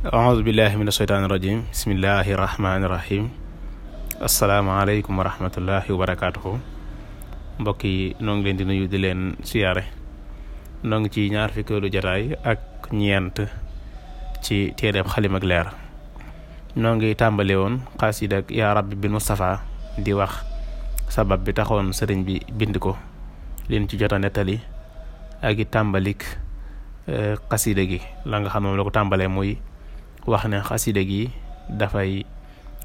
aoudu billahi min asheytaani irajim bismillahi rahmaani rahim asalaamaaleykum wa rahmatullahi wa barakaatuhu yi noo ngi leen di nuyu di leen siyaare noo ci ñaar fukkeelu jataay ak ñeent ci téereeb xalimak leer noo ngi tàmbale woon xasida ak bin Mustafa di wax sabab bi taxoon sëriñ bi bind ko leen ci jota nettali ak i tàmbalik eh, xasida gi la nga la ko tàmbalee muy wax ne xasida gi dafay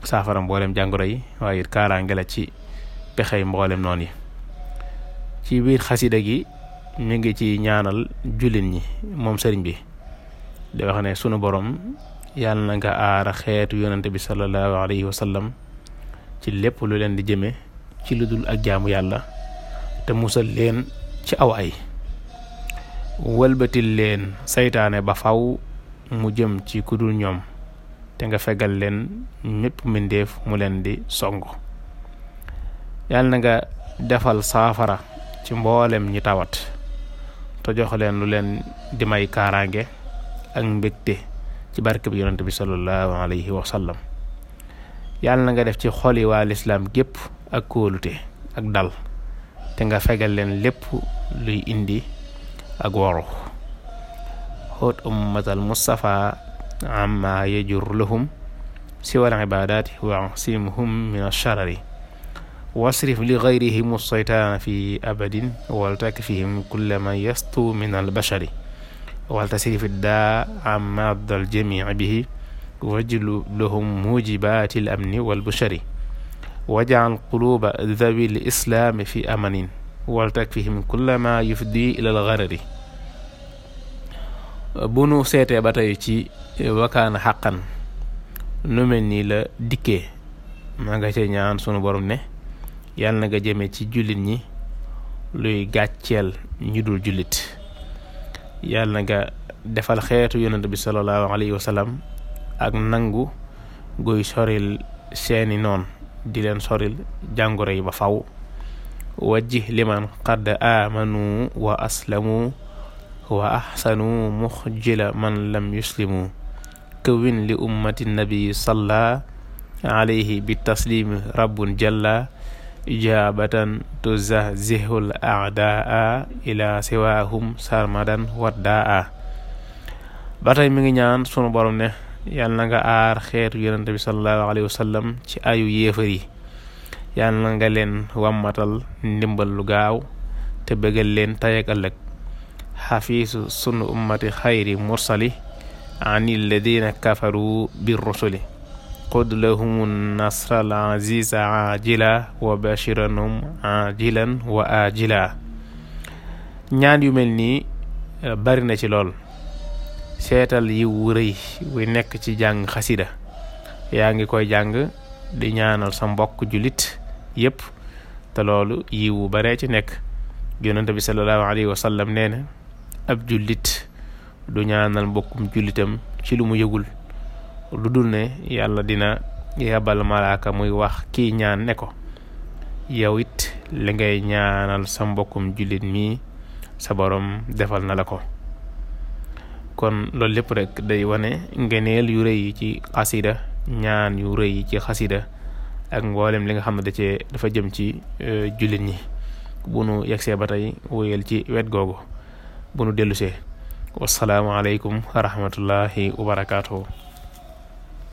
saafara mboolem jàngoro yi waaye it kaaraange ci pexey mboolem noonu yi ci biir xasida gi mu ngi ci ñaanal julin yi moom sëriñ bi di wax ne sunu borom yàlla na nga aara xeetu yonante bi sallallahu alayhi wa sallam ci lépp lu leen di jëme ci lu dul ak jaamu yàlla te musal leen ci aw ay wëlbatil leen saytaane ba faw mu jëm ci ku dul ñoom te nga fegal leen ñépp mbindeef mu leen di song yàlla na nga defal saafara ci mboolem ñi tawat te jox leen lu leen di may kaaraange ak mbégte ci barke bi yonent bi sallallahu alayhi wa sallam yàlla na nga def ci xol yi lislaam gépp ak kóolute ak dal te nga fegal leen lépp luy indi ak woru xóot ummatal mustafa amma yajur lahum siwal ibadati wa simhum min alsharari wasrif li gayrihim alseytaana fi abadin waltakfihim kulla man yastu min albashari waltasrif daa amma daljamii bihi wajlu lahum mujibati al amni walbushari wajal quluba dhawi lislaami fi amanin waltakfihim kulla ma yufdi ila algarari bu nu seetee ba tey ci eh, wakkaana xàqan nu mel nii la dikkee maa nga cee ñaan sunu borom ne yàlla na nga jëmee ci jullit ñi luy gàcceel ñu dul jullit yàlla na defal xeetu yonent bi salallaahu alayhi wa sallam ak nangu guy soril seeni noon di leen soril jàngoro yi ba faw wajjih liman qad amanu wa aslamu wa axsanu muxjila man lam yuslimu kawin li ummati nabi salla alayhi bi taslimi rabbun jalla ijabatan tuzahzihul aadaa ila siwaahum sarmadan waddaa ba tey mi ngi ñaan sunu borom ne yàlla na nga aar xeetu yonente bi salallahu alayhi wa ci ayu yéefar yi yàlla nga leen wàmmatal ndimbal lu gaaw te bëggal leen tey ak xafiisu sunu ummati xayri mursali an alladina kafaru bi rusuli qud lahum nasra al aziza ajila wa bashiranum ajilan wa ajila ñaan yu mel nii eh, bari na ci lool seetal yi wu wi nekk ci jàng xasida yaa ngi koy jàng di ñaanal sa mbokk julit yépp te loolu yiwu baree ci nekk yonente bi sallallahu alayhi wa sallam ab jullit du ñaanal mbokkum jullitam ci lu mu yëgul lu dul ne yàlla dina yabal malaaka muy wax kii ñaan ne ko yow it li ngay ñaanal sa mbokkum jullit mi sa borom defal na la ko kon loolu lépp rek day wane ngeneel yu rëy yi ci xasida ñaan yu rëy yi ci xasida ak mboolem li nga xam ne da cee dafa jëm ci euh, jullit ñi bu nu yegsee ba tey wóyal ci wet googu bu nu dellusee wasalaamualeykum wa rahmatullahi wa barakaatuhu